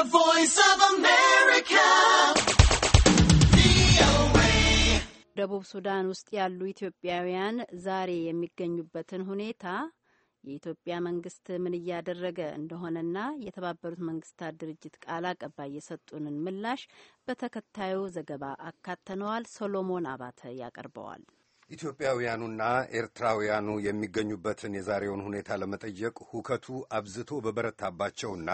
The Voice of America. ደቡብ ሱዳን ውስጥ ያሉ ኢትዮጵያውያን ዛሬ የሚገኙበትን ሁኔታ የኢትዮጵያ መንግስት ምን እያደረገ እንደሆነና የተባበሩት መንግስታት ድርጅት ቃል አቀባይ የሰጡንን ምላሽ በተከታዩ ዘገባ አካተነዋል። ሶሎሞን አባተ ያቀርበዋል። ኢትዮጵያውያኑና ኤርትራውያኑ የሚገኙበትን የዛሬውን ሁኔታ ለመጠየቅ ሁከቱ አብዝቶ በበረታባቸውና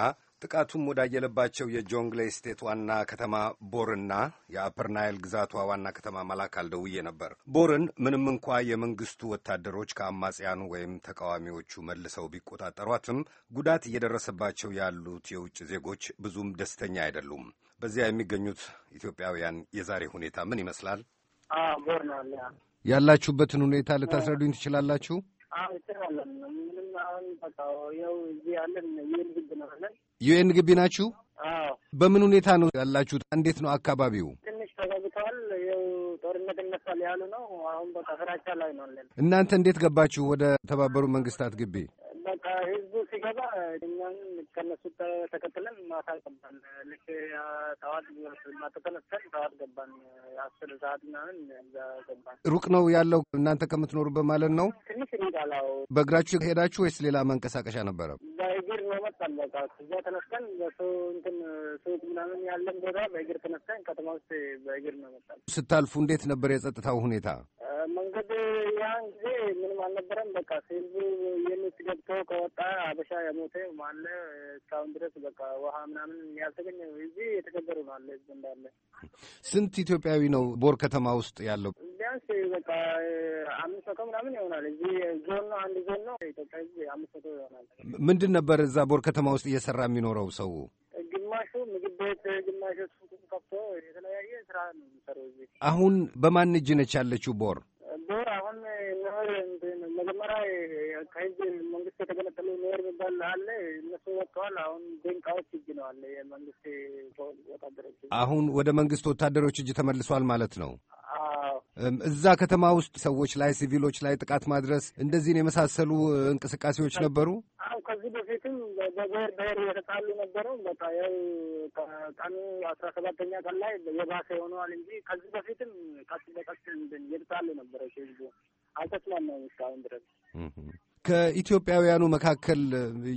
ጥቃቱም ወዳየለባቸው የጆንግሌ ስቴት ዋና ከተማ ቦርና የአፐር ናይል ግዛቷ ዋና ከተማ መላክ ደውዬ ነበር። ቦርን ምንም እንኳ የመንግስቱ ወታደሮች ከአማጽያኑ ወይም ተቃዋሚዎቹ መልሰው ቢቆጣጠሯትም ጉዳት እየደረሰባቸው ያሉት የውጭ ዜጎች ብዙም ደስተኛ አይደሉም። በዚያ የሚገኙት ኢትዮጵያውያን የዛሬ ሁኔታ ምን ይመስላል? ቦርና ያላችሁበትን ሁኔታ ልታስረዱኝ ትችላላችሁ? አዎ ይሰራለን። ምንም ዩኤን ግቢ ናችሁ? በምን ሁኔታ ነው ያላችሁት? እንዴት ነው አካባቢው? ትንሽ ተዘግተዋል። ያው ጦርነት ይነሳል ያሉ ነው። አሁን በቃ ስራቻ ላይ ነው እናንተ እንዴት ገባችሁ ወደ ተባበሩ መንግስታት ግቢ? በቃ ህዝቡ ስንገባ እኛንም ከነሱ ተከትለን ማታ ገባን። ልክ ጠዋት ማታ ተነስተን ጠዋት ገባን። አስር ሰዓት ምናምን እዛ ገባን። ሩቅ ነው ያለው እናንተ ከምትኖሩበት ማለት ነው። ትንሽ ሚዳላው በእግራችሁ ሄዳችሁ ወይስ ሌላ መንቀሳቀሻ ነበረ? በእግር ነው መጣን። በቃ እዛ ተነስተን በሱ እንትን ሱቅ ምናምን ያለን ቦታ በእግር ተነስተን ከተማ ውስጥ በእግር ነው መጣን። ስታልፉ እንዴት ነበር የጸጥታው ሁኔታ? እንግዲህ ያን ጊዜ ምንም አልነበረም። በቃ ህዝቡ የሚስ ገብቶ ከወጣ አበሻ የሞተ ማለ እስካሁን ድረስ በቃ ውሃ ምናምን ያልተገኘ ህዝብ የተገበሩ ነው ህዝብ እንዳለ። ስንት ኢትዮጵያዊ ነው ቦር ከተማ ውስጥ ያለው? ቢያንስ በቃ አምስት መቶ ምናምን ይሆናል። እዚህ ዞን ነው አንድ ዞን ነው ኢትዮጵያ ህዝብ አምስት መቶ ይሆናል። ምንድን ነበር እዛ ቦር ከተማ ውስጥ እየሰራ የሚኖረው ሰው? ግማሹ ምግብ ቤት፣ ግማሹ ከፍቶ የተለያየ ስራ ነው የሚሰሩ። እዚህ አሁን በማን እጅ ነች ያለችው ቦር? ከህዝብ መንግስት የተገለጠሉ ሜር የሚባል አለ። እነሱ ወጥተዋል። አሁን ዴንቃዎች እጅ ነው አለ የመንግስት ወታደሮች። አሁን ወደ መንግስት ወታደሮች እጅ ተመልሷል ማለት ነው። እዛ ከተማ ውስጥ ሰዎች ላይ ሲቪሎች ላይ ጥቃት ማድረስ እንደዚህን የመሳሰሉ እንቅስቃሴዎች ነበሩ። አሁ ከዚህ በፊትም በብሔር ብሔር የተጣሉ ነበሩ። በቃ ያው ቀኑ አስራ ሰባተኛ ቀን ላይ የባሰ ሆነዋል እንጂ ከዚህ በፊትም ቀስ በቀስ የተጣሉ ነበረ ህዝቡ አልተስማማም እስካሁን ድረስ ከኢትዮጵያውያኑ መካከል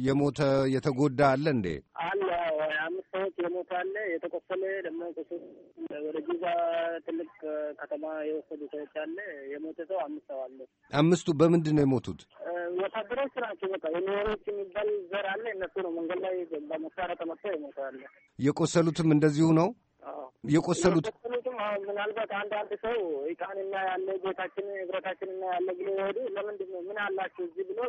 የሞተ የተጎዳ አለ እንዴ? አለ አምስት ሰዎች የሞተ አለ። የተቆሰለ ደግሞ ወደ ጊዛ ትልቅ ከተማ የወሰዱ ሰዎች አለ። የሞተ ሰው አምስት ሰው አለ። አምስቱ በምንድን ነው የሞቱት? ወታደሮች ናቸው። በቃ የሚሆኖች የሚባል ዘር አለ። እነሱ ነው መንገድ ላይ በመሳሪያ ተመጥቶ የሞተ አለ። የቆሰሉትም እንደዚሁ ነው። የቆሰሉት ምናልባት አንድ አንድ ሰው እቃንና ያለ ቤታችን ንብረታችንና ያለ ብሎ ይሄዱ። ለምንድን ነው ምን አላችሁ እዚህ ብሎ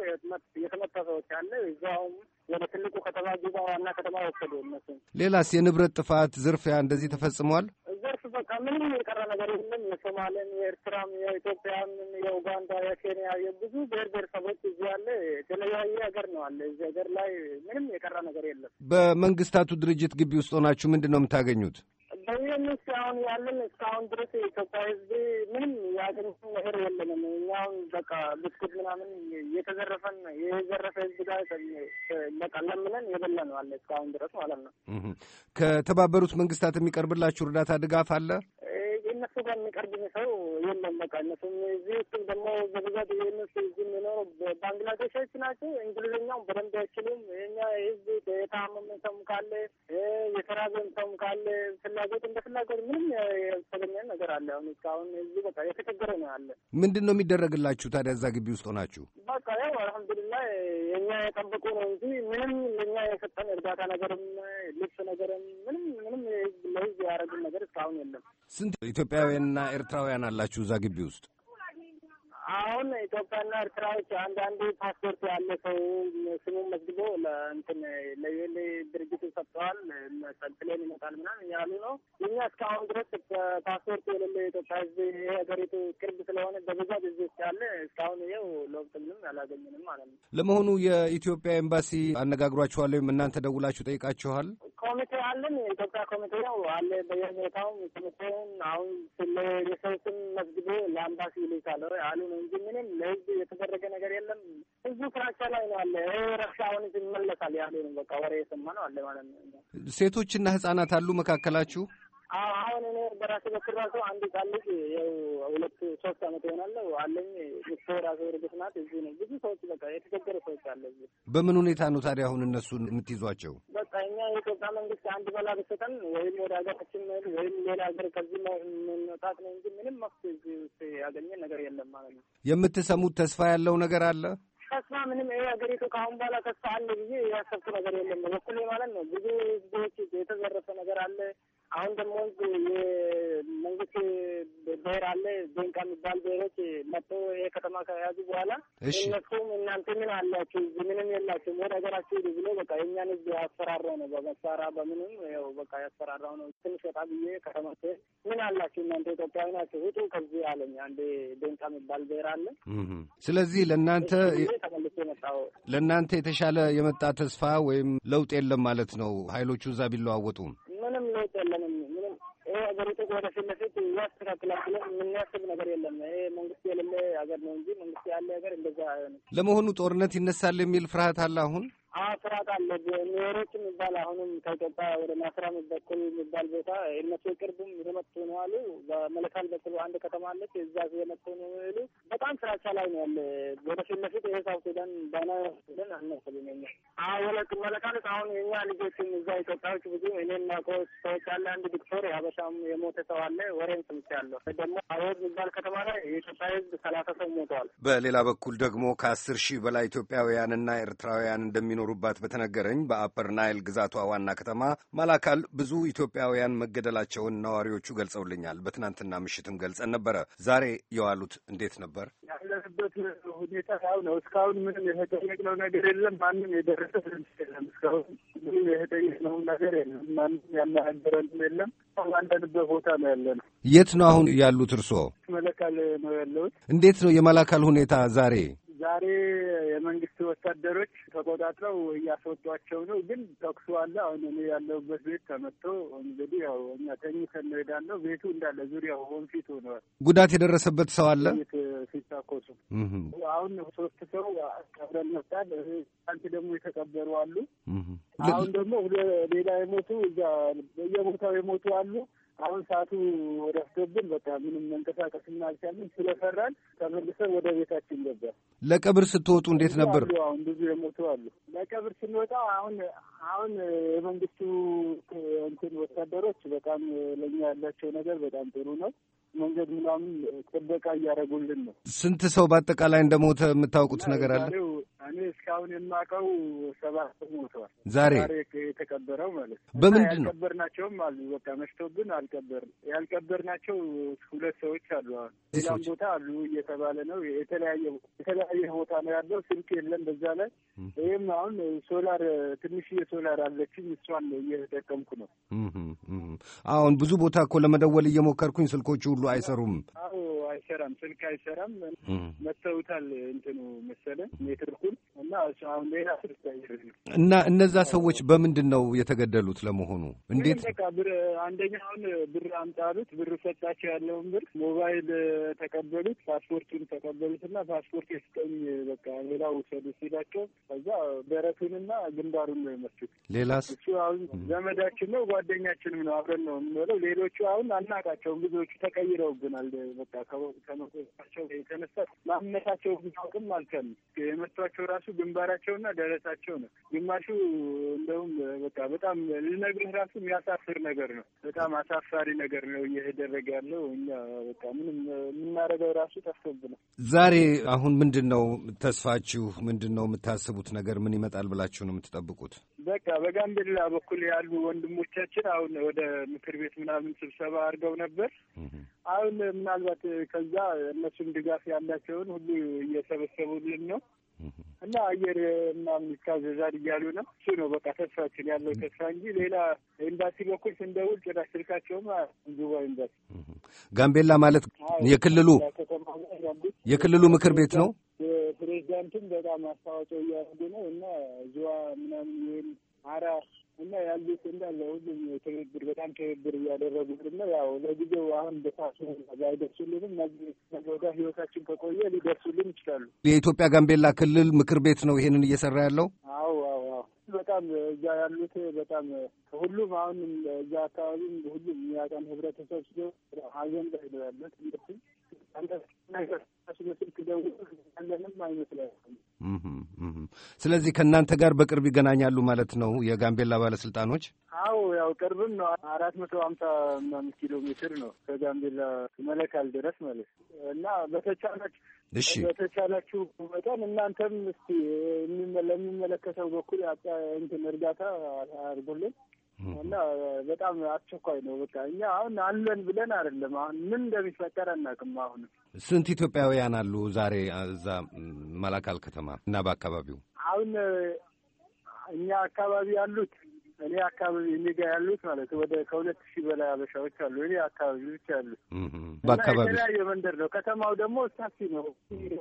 የተመታ ሰዎች አለ። እዚያውም ወደ ትልቁ ከተማ ጁባ ዋና ከተማ ወሰዱ። እነሱ ሌላስ የንብረት ጥፋት ዝርፊያ እንደዚህ ተፈጽሟል። ዘርፍ በቃ ምንም የቀረ ነገር የለም። የሶማሌም፣ የኤርትራም፣ የኢትዮጵያም፣ የኡጋንዳ፣ የኬንያ የብዙ ብሔር ብሔረሰቦች እዚህ ያለ የተለያየ ሀገር ነው አለ። እዚህ ሀገር ላይ ምንም የቀረ ነገር የለም። በመንግስታቱ ድርጅት ግቢ ውስጥ ሆናችሁ ምንድን ነው የምታገኙት? ትንሽ አሁን ያለን እስካሁን ድረስ የኢትዮጵያ ሕዝብ ምንም ያገኘን ነገር የለንም። እኛውን በቃ ብስኩት ምናምን የተዘረፈን የዘረፈ ሕዝብ ጋር በቃ ለምነን የበላ ነው አለ እስካሁን ድረስ ማለት ነው። ከተባበሩት መንግስታት የሚቀርብላችሁ እርዳታ ድጋፍ አለ? ከእነሱ ጋር የሚቀርብኝ ሰው የለም። በቃ እነሱም እዚህ ውስጥም ደግሞ በብዛት የነሱ እዚህ የሚኖሩ ባንግላዴሾች ናቸው። እንግሊዝኛው በደንብ አይችሉም። የኛ ህዝብ የታመመ ሰውም ካለ የተራዘም ሰውም ካለ ፍላጎት እንደ ፍላጎት ምንም ያልተገኘ ነገር አለ። አሁን እስካሁን እዚህ በቃ የተቸገረ ነው ያለ። ምንድን ነው የሚደረግላችሁ ታዲያ እዛ ግቢ ውስጥ ሆናችሁ? በቃ ያው አልሐምዱሊላህ የእኛ የጠበቁ ነው እንጂ ምንም ለእኛ የሰጠን እርዳታ ነገርም ልብስ ነገርም ምንም ምንም ለህዝብ ያደረግን ነገር እስካሁን የለም። ስንት ኢትዮጵያውያንና ኤርትራውያን አላችሁ እዛ ግቢ ውስጥ? አሁን ኢትዮጵያና ኤርትራዎች አንዳንዱ ፓስፖርት ያለ ሰው ስሙን መዝግቦ ለእንትን ለየሌ ድርጅቱ ሰጥተዋል፣ ፕሌን ይመጣል ምናምን ያሉ ነው። እኛ እስካሁን ድረስ ፓስፖርት የሌለ የኢትዮጵያ ሕዝብ ይሄ ሀገሪቱ ቅርብ ስለሆነ በብዛት እዚህ ውስጥ ያለ እስካሁን ይኸው ለውጥ ምንም አላገኘንም ማለት ነው። ለመሆኑ የኢትዮጵያ ኤምባሲ አነጋግሯችኋል ወይም እናንተ ደውላችሁ ጠይቃችኋል? ኮሚቴ አለን፣ የኢትዮጵያ ኮሚቴ ነው አለ በየሁኔታውም ኮሚቴውን አሁን የሰው ስም መዝግቦ ለአምባሲ ይልካል አሉ ነው እንጂ ምንም ለህዝብ የተደረገ ነገር የለም። ህዝቡ ፍራቻ ላይ ነው አለ። ረብሻውን ይመለሳል ያሉ በቃ ወሬ የሰማ ነው አለ ማለት ነው። ሴቶችና ህጻናት አሉ መካከላችሁ? አሁን እኔ በራሴ በኩል ራሱ አንድ ቃልጅ ያው ሁለት ሶስት አመት ይሆናለሁ አለኝ። ሚስቴ ራሱ እርግት ናት። እዚህ ነው ብዙ ሰዎች በቃ የተቸገሩ ሰዎች አለ። እዚህ በምን ሁኔታ ነው ታዲያ አሁን እነሱን የምትይዟቸው? በቃ እኛ የኢትዮጵያ መንግስት አንድ በላ ብሰጠን ወይም ወደ ሀገራችን መሄድ ወይም ሌላ ሀገር ከዚህ መውጣት ነው እንጂ ምንም መፍትሄ እዚህ ውስጥ ያገኘ ነገር የለም ማለት ነው። የምትሰሙት ተስፋ ያለው ነገር አለ? ተስፋ ምንም ይሄ ሀገሪቱ ከአሁን በኋላ ተስፋ አለ ብዬ ያሰብኩ ነገር የለም በኩሌ ማለት ነው። ብዙ ህዝቦች የተዘረፈ ነገር አለ አሁን ደግሞ የመንግስት ብሔር አለ ዴንካ የሚባል ብሔሮች መጥቶ ይሄ ከተማ ከያዙ በኋላ እነሱም እናንተ ምን አላችሁ? ምንም የላችሁም ወደ ሀገራችሁ ሄዱ ብሎ በቃ የእኛን ህዝብ ያስፈራራው ነው። በመሳራ በምንም ው በቃ ያስፈራራው ነው። ትንሽ ወጣ ብዬ ከተማ ስሄድ ምን አላችሁ እናንተ ኢትዮጵያዊ ናቸው ውጡ ከዚህ አለኝ። አንድ ዴንካ የሚባል ብሔር አለ። ስለዚህ ለእናንተ ተመልሶ ለእናንተ የተሻለ የመጣ ተስፋ ወይም ለውጥ የለም ማለት ነው። ሀይሎቹ እዛ ቢለዋወጡም ለውጥ የለንም። ምንም ይሄ ሀገሪቱ ወደፊት ለፊት ያስተካክላል ብለን የምናስብ ነገር የለም። ይሄ መንግስት የሌለ ሀገር ነው እንጂ መንግስት ያለ ሀገር እንደዛ አይሆንም። ለመሆኑ ጦርነት ይነሳል የሚል ፍርሃት አለ አሁን? አዎ ፍርሃት አለ። ኒሮች የሚባል አሁንም ከኢትዮጵያ ወደ ማስራ በኩል የሚባል ቦታ እነሱ ቅርቡም የመጡ ነው አሉ። በመለካል በኩል አንድ ከተማ አለች፣ እዛ የመጡ ነው ይሉ በጣም ፍራቻ ላይ ነው ያለ። ወደፊት ለፊት ይሄ ሳብ ሱዳን ባና ሱዳን አናስብም። ሁለት ይመለካሉት። አሁን የኛ ልጆችም እዛ ኢትዮጵያዎች ብዙ እኔም ማቆ ሰዎች አለ። አንድ ዶክተር የሀበሻም የሞተ ሰው አለ። ወሬም ሰምቻለሁ። ደግሞ አወት የሚባል ከተማ ላይ የኢትዮጵያ ህዝብ ሰላሳ ሰው ሞተዋል። በሌላ በኩል ደግሞ ከአስር ሺህ በላይ ኢትዮጵያውያንና ኤርትራውያን እንደሚኖሩባት በተነገረኝ በአፐር ናይል ግዛቷ ዋና ከተማ ማላካል ብዙ ኢትዮጵያውያን መገደላቸውን ነዋሪዎቹ ገልጸውልኛል። በትናንትና ምሽትም ገልጸን ነበረ። ዛሬ የዋሉት እንዴት ነበር? ያለንበት ሁኔታ ያው ነው። እስካሁን ምንም የተጠየቅነው ነገር የለም። ማንም የደረሰ የለም። እስካሁን ምንም ነው ነገር የለም። ማንም ያናገረንም የለም። ባለንበት ቦታ ነው ያለ ነው። የት ነው አሁን ያሉት እርስዎ? መለካል ነው ያለሁት። እንዴት ነው የመላካል ሁኔታ ዛሬ? ዛሬ የመንግስት ወታደሮች ተቆጣጥረው እያስወጧቸው ነው። ግን ተኩሱ አለ። አሁን እኔ ያለሁበት ቤት ተመቶ እንግዲህ ያው እኛ ተኝተን እንሄዳለሁ። ቤቱ እንዳለ ዙሪያው ወንፊት ሆነዋል። ጉዳት የደረሰበት ሰው አለ ሲታኮሱ አሁን ሶስት ሰው ቀብረን መጣል አንቺ ደግሞ የተቀበሩ አሉ። አሁን ደግሞ ሌላ የሞቱ እዛ በየቦታው የሞቱ አሉ። አሁን ሰዓቱ ወዳስገብን በቃ ምንም መንቀሳቀስ አልቻልን ስለፈራን ተመልሰን ወደ ቤታችን ገባ። ለቀብር ስትወጡ እንዴት ነበር? አሁን ብዙ የሞቱ አሉ። ለቀብር ስንወጣ አሁን አሁን የመንግስቱ እንትን ወታደሮች በጣም ለኛ ያላቸው ነገር በጣም ጥሩ ነው። መንገድ ምናምን ጥበቃ እያደረጉልን ነው። ስንት ሰው በአጠቃላይ እንደሞተ የምታውቁት ነገር አለ? እኔ እስካሁን የማውቀው ሰባት ሞተዋል። ዛሬ የተቀበረው ማለት ነው። በምንድን ነው ያልቀበርናቸውም አሉ። በቃ መሽቶብን አልቀበርን። ያልቀበርናቸው ሁለት ሰዎች አሉ። አሁን ሌላም ቦታ አሉ እየተባለ ነው። የተለያየ የተለያየ ቦታ ነው ያለው። ስልክ የለም በዛ ላይ ይህም አሁን ሶላር ትንሽ የሶላር አለችኝ። እሷን እየተጠቀምኩ ነው። አሁን ብዙ ቦታ እኮ ለመደወል እየሞከርኩኝ ስልኮች ሁሉ አይሰሩም። አዎ አይሰራም፣ ስልክ አይሰራም። መተውታል እንትኑ መሰለን ኔትወርኩ አይችሉም እና አሁን ሌላ እና እነዛ ሰዎች በምንድን ነው የተገደሉት? ለመሆኑ እንዴት በቃ ብር አንደኛውን ብር አምጣሉት ብር ሰጣቸው ያለውን ብር ሞባይል ተቀበሉት፣ ፓስፖርቱን ተቀበሉት እና ፓስፖርት የስጠኝ በቃ ሌላ ውሰዱ ሲላቸው ከዛ ደረቱንና ግንባሩን ነው የመቱት። ሌላስ እሱ አሁን ዘመዳችን ነው ጓደኛችንም ነው አብረን ነው የምንበለው። ሌሎቹ አሁን አናቃቸውም ብዙዎቹ ተቀይረውብናል። በቃ ከመቆጣቸው የተነሳ ማንነታቸው ብዙ አውቅም አልከን የመቷቸው የሚያሳያቸው ራሱ ግንባራቸውና ደረሳቸው ነው። ግማሹ እንደውም በቃ በጣም ልነግርህ ራሱ የሚያሳፍር ነገር ነው። በጣም አሳፋሪ ነገር ነው እየተደረገ ያለው። እኛ በቃ ምንም የምናደርገው ራሱ ጠፍቶብናል። ዛሬ አሁን ምንድን ነው ተስፋችሁ? ምንድን ነው የምታስቡት ነገር? ምን ይመጣል ብላችሁ ነው የምትጠብቁት? በቃ በጋምቤላ በኩል ያሉ ወንድሞቻችን አሁን ወደ ምክር ቤት ምናምን ስብሰባ አድርገው ነበር። አሁን ምናልባት ከዛ እነሱም ድጋፍ ያላቸውን ሁሉ እየሰበሰቡልን ነው። እና አየር ምናምን ይታዘዛል እያሉ ነው። እሱ ነው በቃ ተስፋችን ያለው ተስፋ እንጂ ሌላ ኤምባሲ በኩል ስንደውል ጭራሽ ስልካቸውም ዱባ ኤምባሲ ጋምቤላ ማለት የክልሉ የክልሉ ምክር ቤት ነው። ፕሬዚዳንቱም በጣም አስተዋጽኦ እያደረጉ ነው እና እዚዋ ምናምን ይህን አራ እና ያሉት እንዳለ ሁሉም ትብብር በጣም ትብብር እያደረጉልን ነው። ያው ለጊዜው አሁን በሳሱ አይደርሱልንም። ነገ ወዲያ ህይወታችን ከቆየ ሊደርሱልን ይችላሉ። የኢትዮጵያ ጋምቤላ ክልል ምክር ቤት ነው ይሄንን እየሰራ ያለው። አዎ አዎ አዎ በጣም እዛ ያሉት በጣም ሁሉም አሁን እዛ አካባቢም ሁሉም የሚያውቀን ህብረተሰብ ስለ ሀዘን ላይ ነው ያለት ስልክ ስለዚህ ከእናንተ ጋር በቅርብ ይገናኛሉ ማለት ነው የጋምቤላ ባለስልጣኖች? አዎ ያው ቅርብም ነው አራት መቶ ሀምሳ ኪሎ ሜትር ነው ከጋምቤላ መለካል ድረስ ማለት እና በተቻላችሁ እሺ በተቻላችሁ መጠን እናንተም እስቲ ለሚመለከተው በኩል እንትን እርዳታ አድርጎልን እና በጣም አስቸኳይ ነው። በቃ እኛ አሁን አለን ብለን አይደለም። አሁን ምን እንደሚፈጠር አናውቅም። አሁን ስንት ኢትዮጵያውያን አሉ ዛሬ እዛ መላካል ከተማ እና በአካባቢው? አሁን እኛ አካባቢ ያሉት እኔ አካባቢ እኔ ጋ ያሉት ማለት ወደ ከሁለት ሺህ በላይ አበሻዎች አሉ። እኔ አካባቢ ብቻ ያሉት በአካባቢ የተለያየ መንደር ነው። ከተማው ደግሞ ሰፊ ነው።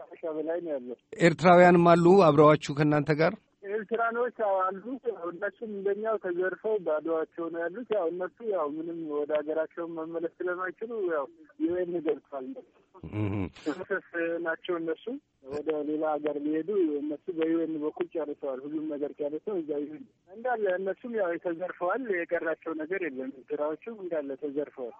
አበሻ በላይ ነው ያለው። ኤርትራውያንም አሉ አብረዋችሁ ከእናንተ ጋር ኤርትራኖች ያው አሉት ሁላችሁም እንደኛው ተዘርፈው ባዶዋቸው ነው ያሉት። ያው እነሱ ያው ምንም ወደ ሀገራቸውን መመለስ ስለማይችሉ ያው ይወይም ገብቷል ናቸው እነሱ ወደ ሌላ ሀገር ሊሄዱ እነሱ በዩኤን በኩል ጨርሰዋል። ሁሉም ነገር ጨርሰው እዛ ይሁን እንዳለ እነሱም ያው ተዘርፈዋል። የቀራቸው ነገር የለም። ስራዎቹም እንዳለ ተዘርፈዋል።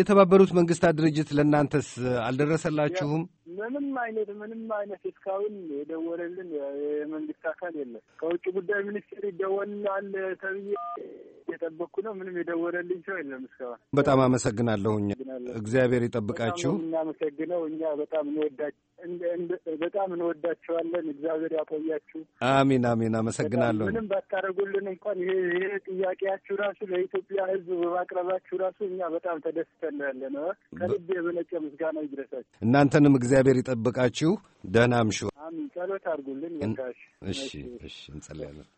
የተባበሩት መንግስታት ድርጅት ለእናንተስ አልደረሰላችሁም? ምንም አይነት ምንም አይነት እስካሁን የደወለልን የመንግስት አካል የለም። ከውጭ ጉዳይ ሚኒስቴር ይደወላል ተብዬ የጠበቅኩ ነው። ምንም የደወለልኝ ሰው የለም እስካሁን። በጣም አመሰግናለሁኝ። እግዚአብሔር ይጠብቃችሁ። እናመሰግነው። እኛ በጣም በጣም እንወዳችኋለን። እግዚአብሔር ያቆያችሁ። አሚን አሚን። አመሰግናለሁ። ምንም ባታደርጉልን እንኳን ይሄ ይሄ ጥያቄያችሁ ራሱ ለኢትዮጵያ ሕዝብ በማቅረባችሁ ራሱ እኛ በጣም ተደስተን ያለ ነው። ከልብ የመነጨ ምስጋና ይድረሳችሁ። እናንተንም እግዚአብሔር ይጠብቃችሁ። ደህና ምሹ። አሚን። ጸሎት አድርጉልን። እሺ እሺ፣ እንጸልያለን።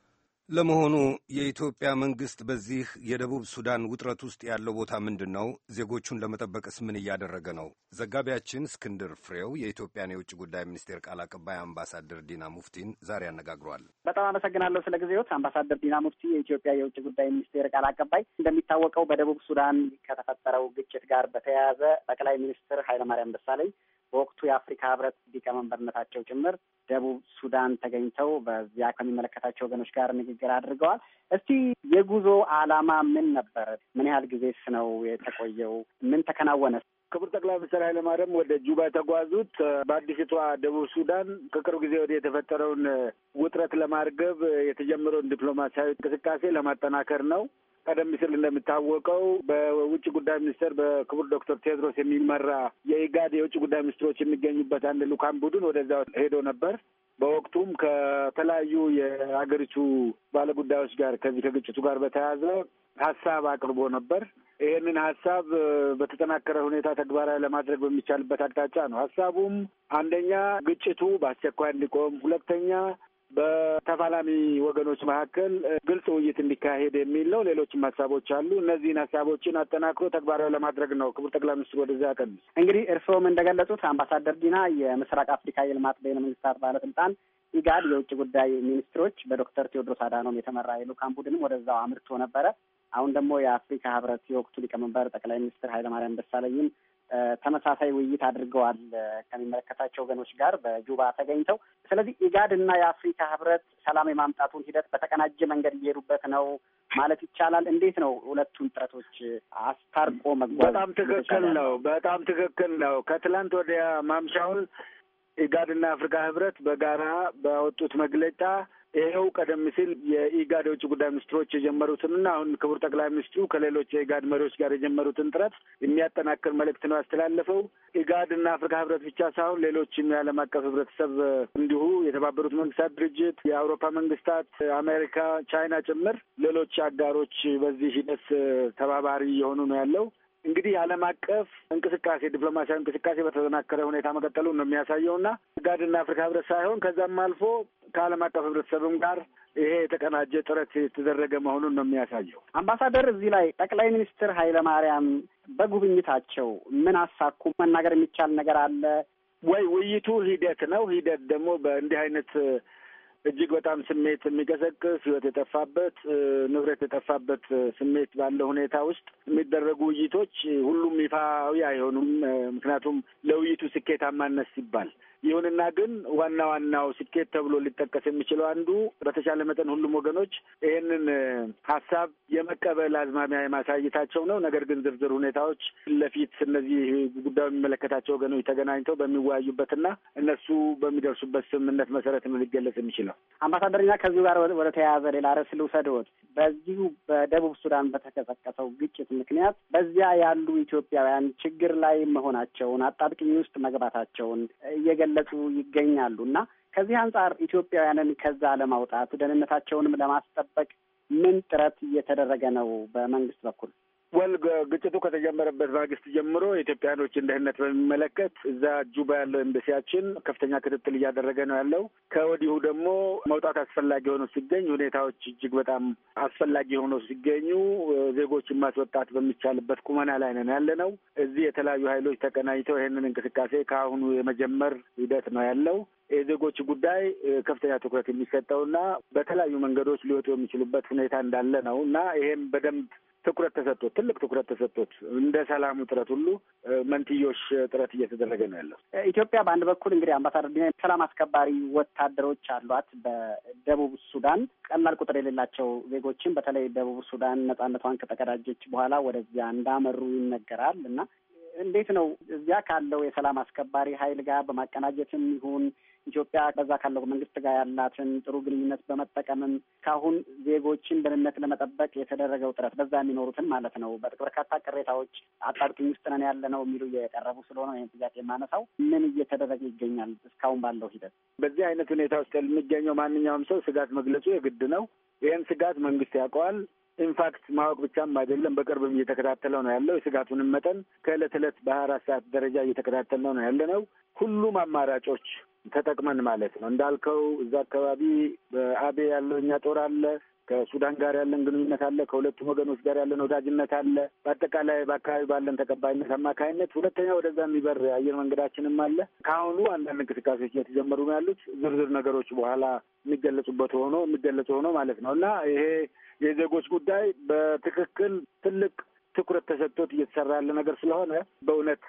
ለመሆኑ የኢትዮጵያ መንግሥት በዚህ የደቡብ ሱዳን ውጥረት ውስጥ ያለው ቦታ ምንድን ነው? ዜጎቹን ለመጠበቅስ ምን እያደረገ ነው? ዘጋቢያችን እስክንድር ፍሬው የኢትዮጵያን የውጭ ጉዳይ ሚኒስቴር ቃል አቀባይ አምባሳደር ዲና ሙፍቲን ዛሬ አነጋግሯል። በጣም አመሰግናለሁ ስለ ጊዜዎት አምባሳደር ዲና ሙፍቲ የኢትዮጵያ የውጭ ጉዳይ ሚኒስቴር ቃል አቀባይ። እንደሚታወቀው በደቡብ ሱዳን ከተፈጠረው ግጭት ጋር በተያያዘ ጠቅላይ ሚኒስትር ኃይለማርያም ደሳለኝ በወቅቱ የአፍሪካ ህብረት ሊቀመንበርነታቸው ጭምር ደቡብ ሱዳን ተገኝተው በዚያ ከሚመለከታቸው ወገኖች ጋር ንግግር አድርገዋል። እስቲ የጉዞ ዓላማ ምን ነበር? ምን ያህል ጊዜስ ነው የተቆየው? ምን ተከናወነ? ክቡር ጠቅላይ ሚኒስትር ኃይለማርያም ወደ ጁባ የተጓዙት በአዲስቷ ደቡብ ሱዳን ከቅርብ ጊዜ ወደ የተፈጠረውን ውጥረት ለማርገብ የተጀመረውን ዲፕሎማሲያዊ እንቅስቃሴ ለማጠናከር ነው። ቀደም ሲል እንደሚታወቀው በውጭ ጉዳይ ሚኒስቴር በክቡር ዶክተር ቴድሮስ የሚመራ የኢጋድ የውጭ ጉዳይ ሚኒስትሮች የሚገኙበት አንድ ልኡካን ቡድን ወደዛ ሄዶ ነበር። በወቅቱም ከተለያዩ የሀገሪቱ ባለጉዳዮች ጋር ከዚህ ከግጭቱ ጋር በተያያዘ ሀሳብ አቅርቦ ነበር። ይህንን ሀሳብ በተጠናከረ ሁኔታ ተግባራዊ ለማድረግ በሚቻልበት አቅጣጫ ነው። ሀሳቡም አንደኛ ግጭቱ በአስቸኳይ እንዲቆም፣ ሁለተኛ በተፋላሚ ወገኖች መካከል ግልጽ ውይይት እንዲካሄድ የሚል ነው። ሌሎችም ሀሳቦች አሉ። እነዚህን ሀሳቦችን አጠናክሮ ተግባራዊ ለማድረግ ነው ክቡር ጠቅላይ ሚኒስትር ወደዚያ ያቀዱ። እንግዲህ እርስዎም እንደገለጹት አምባሳደር ዲና የምስራቅ አፍሪካ የልማት በይነ መንግስታት ባለስልጣን ኢጋድ የውጭ ጉዳይ ሚኒስትሮች በዶክተር ቴዎድሮስ አዳኖም የተመራ የልዑካን ቡድንም ወደዛው አምርቶ ነበረ። አሁን ደግሞ የአፍሪካ ህብረት የወቅቱ ሊቀመንበር ጠቅላይ ሚኒስትር ኃይለማርያም ደሳለኝም ተመሳሳይ ውይይት አድርገዋል ከሚመለከታቸው ወገኖች ጋር በጁባ ተገኝተው። ስለዚህ ኢጋድ እና የአፍሪካ ህብረት ሰላም የማምጣቱን ሂደት በተቀናጀ መንገድ እየሄዱበት ነው ማለት ይቻላል። እንዴት ነው ሁለቱን ጥረቶች አስታርቆ መጓዝ? በጣም ትክክል ነው። በጣም ትክክል ነው። ከትላንት ወዲያ ማምሻውን ኢጋድና አፍሪካ ህብረት በጋራ በወጡት መግለጫ ይኸው ቀደም ሲል የኢጋድ የውጭ ጉዳይ ሚኒስትሮች የጀመሩትንና አሁን ክቡር ጠቅላይ ሚኒስትሩ ከሌሎች የኢጋድ መሪዎች ጋር የጀመሩትን ጥረት የሚያጠናክር መልእክት ነው ያስተላለፈው። ኢጋድ እና አፍሪካ ህብረት ብቻ ሳይሆን ሌሎችም የዓለም አቀፍ ህብረተሰብ እንዲሁ የተባበሩት መንግስታት ድርጅት፣ የአውሮፓ መንግስታት፣ አሜሪካ፣ ቻይና ጭምር ሌሎች አጋሮች በዚህ ሂደት ተባባሪ የሆኑ ነው ያለው። እንግዲህ የዓለም አቀፍ እንቅስቃሴ ዲፕሎማሲያዊ እንቅስቃሴ በተጠናከረ ሁኔታ መቀጠሉ ነው የሚያሳየውና ኢጋድና አፍሪካ ህብረት ሳይሆን ከዛም አልፎ ከዓለም አቀፍ ህብረተሰብም ጋር ይሄ የተቀናጀ ጥረት የተደረገ መሆኑን ነው የሚያሳየው። አምባሳደር እዚህ ላይ ጠቅላይ ሚኒስትር ኃይለ ማርያም በጉብኝታቸው ምን አሳኩ? መናገር የሚቻል ነገር አለ ወይ? ውይይቱ ሂደት ነው። ሂደት ደግሞ በእንዲህ አይነት እጅግ በጣም ስሜት የሚቀሰቅስ ህይወት የጠፋበት ንብረት የጠፋበት ስሜት ባለው ሁኔታ ውስጥ የሚደረጉ ውይይቶች ሁሉም ይፋዊ አይሆኑም። ምክንያቱም ለውይይቱ ስኬታማነት ሲባል ይሁንና ግን ዋና ዋናው ስኬት ተብሎ ሊጠቀስ የሚችለው አንዱ በተቻለ መጠን ሁሉም ወገኖች ይህንን ሀሳብ የመቀበል አዝማሚያ የማሳየታቸው ነው። ነገር ግን ዝርዝር ሁኔታዎች ፊት ለፊት እነዚህ ጉዳዩ የሚመለከታቸው ወገኖች ተገናኝተው በሚወያዩበትና እነሱ በሚደርሱበት ስምምነት መሰረት ሊገለጽ የሚችለው። ነው። አምባሳደር ከዚሁ ጋር ወደ ተያያዘ ሌላ ርዕስ ልውሰድዎት። በዚሁ በደቡብ ሱዳን በተቀሰቀሰው ግጭት ምክንያት በዚያ ያሉ ኢትዮጵያውያን ችግር ላይ መሆናቸውን፣ አጣብቅኝ ውስጥ መግባታቸውን እየገለጹ ይገኛሉ እና ከዚህ አንጻር ኢትዮጵያውያንን ከዛ ለማውጣት ደህንነታቸውንም ለማስጠበቅ ምን ጥረት እየተደረገ ነው በመንግስት በኩል? ወል ግጭቱ ከተጀመረበት ማግስት ጀምሮ የኢትዮጵያውያኖችን ደህንነት በሚመለከት እዛ ጁባ ያለው ኤምባሲያችን ከፍተኛ ክትትል እያደረገ ነው ያለው። ከወዲሁ ደግሞ መውጣት አስፈላጊ ሆኖ ሲገኝ፣ ሁኔታዎች እጅግ በጣም አስፈላጊ ሆኖ ሲገኙ ዜጎችን ማስወጣት በሚቻልበት ቁመና ላይ ነን ያለ ነው። እዚህ የተለያዩ ኃይሎች ተቀናጅተው ይህንን እንቅስቃሴ ከአሁኑ የመጀመር ሂደት ነው ያለው። የዜጎች ጉዳይ ከፍተኛ ትኩረት የሚሰጠውና በተለያዩ መንገዶች ሊወጡ የሚችሉበት ሁኔታ እንዳለ ነው እና ይሄም በደንብ ትኩረት ተሰጥቶት ትልቅ ትኩረት ተሰጥቶት እንደ ሰላሙ ጥረት ሁሉ መንትዮሽ ጥረት እየተደረገ ነው ያለው። ኢትዮጵያ በአንድ በኩል እንግዲህ አምባሳደር ዲና ሰላም አስከባሪ ወታደሮች አሏት። በደቡብ ሱዳን ቀላል ቁጥር የሌላቸው ዜጎችን በተለይ ደቡብ ሱዳን ነጻነቷን ከተቀዳጀች በኋላ ወደዚያ እንዳመሩ ይነገራል እና እንዴት ነው እዚያ ካለው የሰላም አስከባሪ ኃይል ጋር በማቀናጀትም ይሁን ኢትዮጵያ በዛ ካለው መንግስት ጋር ያላትን ጥሩ ግንኙነት በመጠቀምም ካሁን ዜጎችን ደህንነት ለመጠበቅ የተደረገው ጥረት በዛ የሚኖሩትን ማለት ነው። በርካታ ቅሬታዎች አጣብቂኝ ውስጥ ነን ያለ ነው የሚሉ የቀረቡ ስለሆነ ይህን ጥያቄ የማነሳው ምን እየተደረገ ይገኛል እስካሁን ባለው ሂደት? በዚህ አይነት ሁኔታ ውስጥ የሚገኘው ማንኛውም ሰው ስጋት መግለጹ የግድ ነው። ይህን ስጋት መንግስት ያውቀዋል። ኢንፋክት ማወቅ ብቻም አይደለም፣ በቅርብም እየተከታተለው ነው ያለው። የስጋቱንም መጠን ከእለት ዕለት በሀያ አራት ሰዓት ደረጃ እየተከታተልነው ነው ያለ ነው። ሁሉም አማራጮች ተጠቅመን ማለት ነው። እንዳልከው እዛ አካባቢ በአቤ ያለው እኛ ጦር አለ ከሱዳን ጋር ያለን ግንኙነት አለ። ከሁለቱም ወገኖች ጋር ያለን ወዳጅነት አለ። በአጠቃላይ በአካባቢ ባለን ተቀባይነት አማካይነት፣ ሁለተኛ ወደዛ የሚበር የአየር መንገዳችንም አለ። ከአሁኑ አንዳንድ እንቅስቃሴዎች እየተጀመሩ ነው ያሉት። ዝርዝር ነገሮች በኋላ የሚገለጹበት ሆኖ የሚገለጹ ሆኖ ማለት ነው እና ይሄ የዜጎች ጉዳይ በትክክል ትልቅ ትኩረት ተሰጥቶት እየተሰራ ያለ ነገር ስለሆነ በእውነት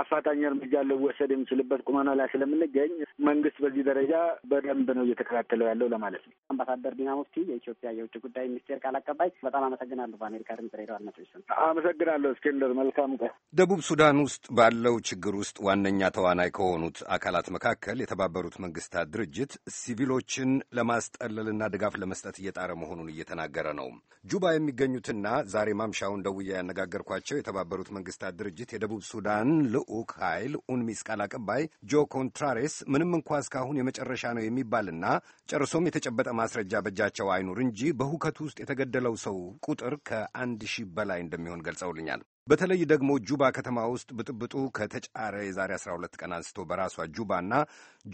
አፋጣኝ እርምጃ ልወሰድ የሚችልበት ቁመና ላይ ስለምንገኝ መንግስት በዚህ ደረጃ በደንብ ነው እየተከታተለው ያለው ለማለት ነው። አምባሳደር ዲና ሙፍቲ የኢትዮጵያ የውጭ ጉዳይ ሚኒስቴር ቃል አቀባይ፣ በጣም አመሰግናለሁ። በአሜሪካ ድምጽ ሬዲዮ አድማጮች ስም አመሰግናለሁ። እስክንድር መልካም ቀን። ደቡብ ሱዳን ውስጥ ባለው ችግር ውስጥ ዋነኛ ተዋናይ ከሆኑት አካላት መካከል የተባበሩት መንግስታት ድርጅት ሲቪሎችን ለማስጠለልና ድጋፍ ለመስጠት እየጣረ መሆኑን እየተናገረ ነው። ጁባ የሚገኙትና ዛሬ ማምሻውን ደው ደውዬ ያነጋገርኳቸው የተባበሩት መንግስታት ድርጅት የደቡብ ሱዳን ልዑክ ኃይል ኡንሚስ ቃል አቀባይ ጆ ኮንትራሬስ ምንም እንኳ እስካሁን የመጨረሻ ነው የሚባልና ጨርሶም የተጨበጠ ማስረጃ በእጃቸው አይኑር እንጂ በሁከቱ ውስጥ የተገደለው ሰው ቁጥር ከአንድ ሺህ በላይ እንደሚሆን ገልጸውልኛል። በተለይ ደግሞ ጁባ ከተማ ውስጥ ብጥብጡ ከተጫረ የዛሬ 12 ቀን አንስቶ በራሷ ጁባና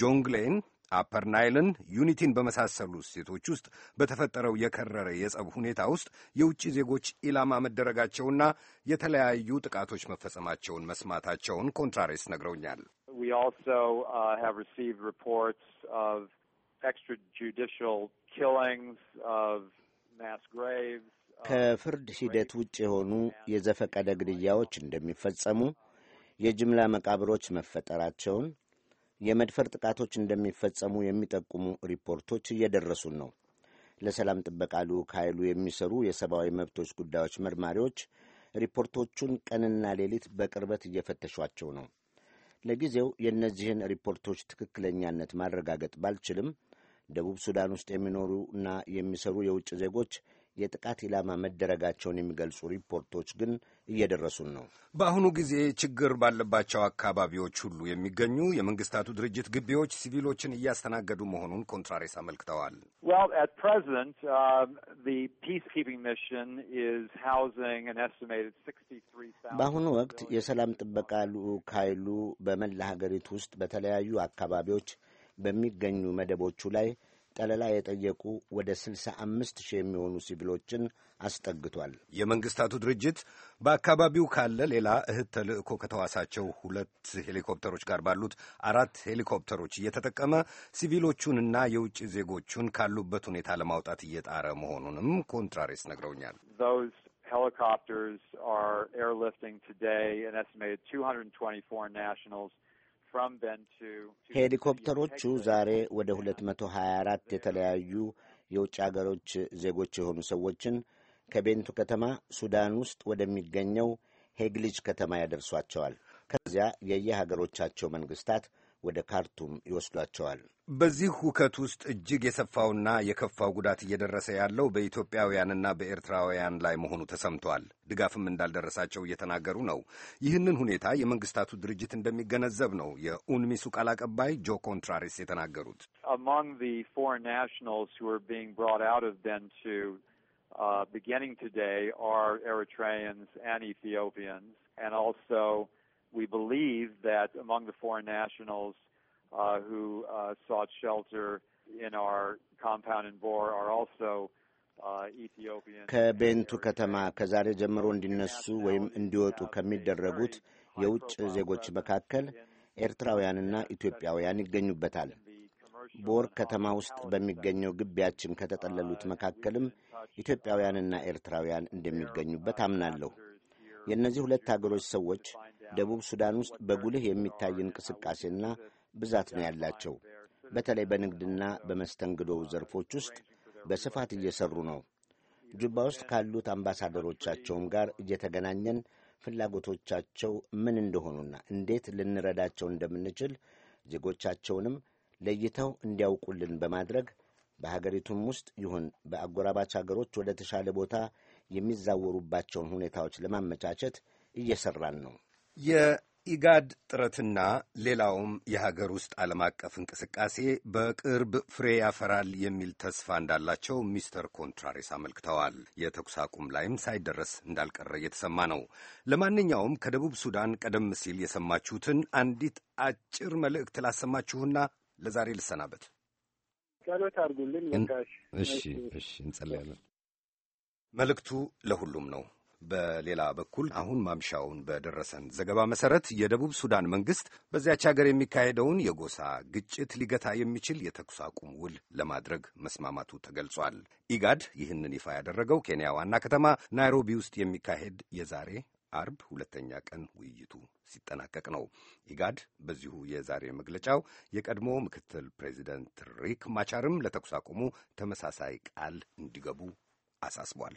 ጆንግሌን አፐር ናይልን፣ ዩኒቲን በመሳሰሉ ሴቶች ውስጥ በተፈጠረው የከረረ የጸብ ሁኔታ ውስጥ የውጭ ዜጎች ኢላማ መደረጋቸውና የተለያዩ ጥቃቶች መፈጸማቸውን መስማታቸውን ኮንትራሬስ ነግረውኛል። uh, uh, ከፍርድ ሂደት ውጭ የሆኑ የዘፈቀደ ግድያዎች እንደሚፈጸሙ፣ የጅምላ መቃብሮች መፈጠራቸውን የመድፈር ጥቃቶች እንደሚፈጸሙ የሚጠቁሙ ሪፖርቶች እየደረሱን ነው። ለሰላም ጥበቃ ልዑክ ኃይሉ የሚሰሩ የሰብአዊ መብቶች ጉዳዮች መርማሪዎች ሪፖርቶቹን ቀንና ሌሊት በቅርበት እየፈተሿቸው ነው። ለጊዜው የእነዚህን ሪፖርቶች ትክክለኛነት ማረጋገጥ ባልችልም ደቡብ ሱዳን ውስጥ የሚኖሩና የሚሰሩ የውጭ ዜጎች የጥቃት ኢላማ መደረጋቸውን የሚገልጹ ሪፖርቶች ግን እየደረሱን ነው። በአሁኑ ጊዜ ችግር ባለባቸው አካባቢዎች ሁሉ የሚገኙ የመንግስታቱ ድርጅት ግቢዎች ሲቪሎችን እያስተናገዱ መሆኑን ኮንትራሬስ አመልክተዋል። um, በአሁኑ ወቅት የሰላም ጥበቃ ልዑክ ኃይሉ በመላ ሀገሪቱ ውስጥ በተለያዩ አካባቢዎች በሚገኙ መደቦቹ ላይ ጠለላ የጠየቁ ወደ 65 ሺህ የሚሆኑ ሲቪሎችን አስጠግቷል። የመንግስታቱ ድርጅት በአካባቢው ካለ ሌላ እህት ተልእኮ ከተዋሳቸው ሁለት ሄሊኮፕተሮች ጋር ባሉት አራት ሄሊኮፕተሮች እየተጠቀመ ሲቪሎቹንና የውጭ ዜጎቹን ካሉበት ሁኔታ ለማውጣት እየጣረ መሆኑንም ኮንትራሬስ ነግረውኛል። Helicopters are airlifting today an estimated 224 nationals ሄሊኮፕተሮቹ ዛሬ ወደ 224 የተለያዩ የውጭ አገሮች ዜጎች የሆኑ ሰዎችን ከቤንቱ ከተማ ሱዳን ውስጥ ወደሚገኘው ሄግሊጅ ከተማ ያደርሷቸዋል። ከዚያ የየሀገሮቻቸው መንግስታት ወደ ካርቱም ይወስዷቸዋል። በዚህ ሁከት ውስጥ እጅግ የሰፋውና የከፋው ጉዳት እየደረሰ ያለው በኢትዮጵያውያንና በኤርትራውያን ላይ መሆኑ ተሰምቷል። ድጋፍም እንዳልደረሳቸው እየተናገሩ ነው። ይህንን ሁኔታ የመንግስታቱ ድርጅት እንደሚገነዘብ ነው የኡንሚሱ ቃል አቀባይ ጆ ኮንትራሪስ የተናገሩት። uh, beginning today are Eritreans and Ethiopians and also We believe that among the foreign nationals uh, who uh, sought shelter in our compound in Bor are also ከቤንቱ ከተማ ከዛሬ ጀምሮ እንዲነሱ ወይም እንዲወጡ ከሚደረጉት የውጭ ዜጎች መካከል ኤርትራውያንና ኢትዮጵያውያን ይገኙበታል። ቦር ከተማ ውስጥ በሚገኘው ግቢያችን ከተጠለሉት መካከልም ኢትዮጵያውያንና ኤርትራውያን እንደሚገኙበት አምናለሁ። የእነዚህ ሁለት አገሮች ሰዎች ደቡብ ሱዳን ውስጥ በጉልህ የሚታይ እንቅስቃሴና ብዛት ነው ያላቸው። በተለይ በንግድና በመስተንግዶ ዘርፎች ውስጥ በስፋት እየሰሩ ነው። ጁባ ውስጥ ካሉት አምባሳደሮቻቸውም ጋር እየተገናኘን ፍላጎቶቻቸው ምን እንደሆኑና እንዴት ልንረዳቸው እንደምንችል ዜጎቻቸውንም ለይተው እንዲያውቁልን በማድረግ በሀገሪቱም ውስጥ ይሁን በአጎራባች ሀገሮች ወደ ተሻለ ቦታ የሚዛወሩባቸውን ሁኔታዎች ለማመቻቸት እየሰራን ነው። የኢጋድ ጥረትና ሌላውም የሀገር ውስጥ ዓለም አቀፍ እንቅስቃሴ በቅርብ ፍሬ ያፈራል የሚል ተስፋ እንዳላቸው ሚስተር ኮንትራሬስ አመልክተዋል። የተኩስ አቁም ላይም ሳይደረስ እንዳልቀረ እየተሰማ ነው። ለማንኛውም ከደቡብ ሱዳን ቀደም ሲል የሰማችሁትን አንዲት አጭር መልእክት ላሰማችሁና ለዛሬ ልሰናበት። ጸሎት አድርጉልን። እሺ፣ እሺ፣ እንጸለያለን። መልእክቱ ለሁሉም ነው። በሌላ በኩል አሁን ማምሻውን በደረሰን ዘገባ መሰረት የደቡብ ሱዳን መንግስት በዚያች ሀገር የሚካሄደውን የጎሳ ግጭት ሊገታ የሚችል የተኩስ አቁም ውል ለማድረግ መስማማቱ ተገልጿል። ኢጋድ ይህንን ይፋ ያደረገው ኬንያ ዋና ከተማ ናይሮቢ ውስጥ የሚካሄድ የዛሬ አርብ ሁለተኛ ቀን ውይይቱ ሲጠናቀቅ ነው። ኢጋድ በዚሁ የዛሬ መግለጫው የቀድሞ ምክትል ፕሬዚደንት ሪክ ማቻርም ለተኩስ አቁሙ ተመሳሳይ ቃል እንዲገቡ አሳስቧል።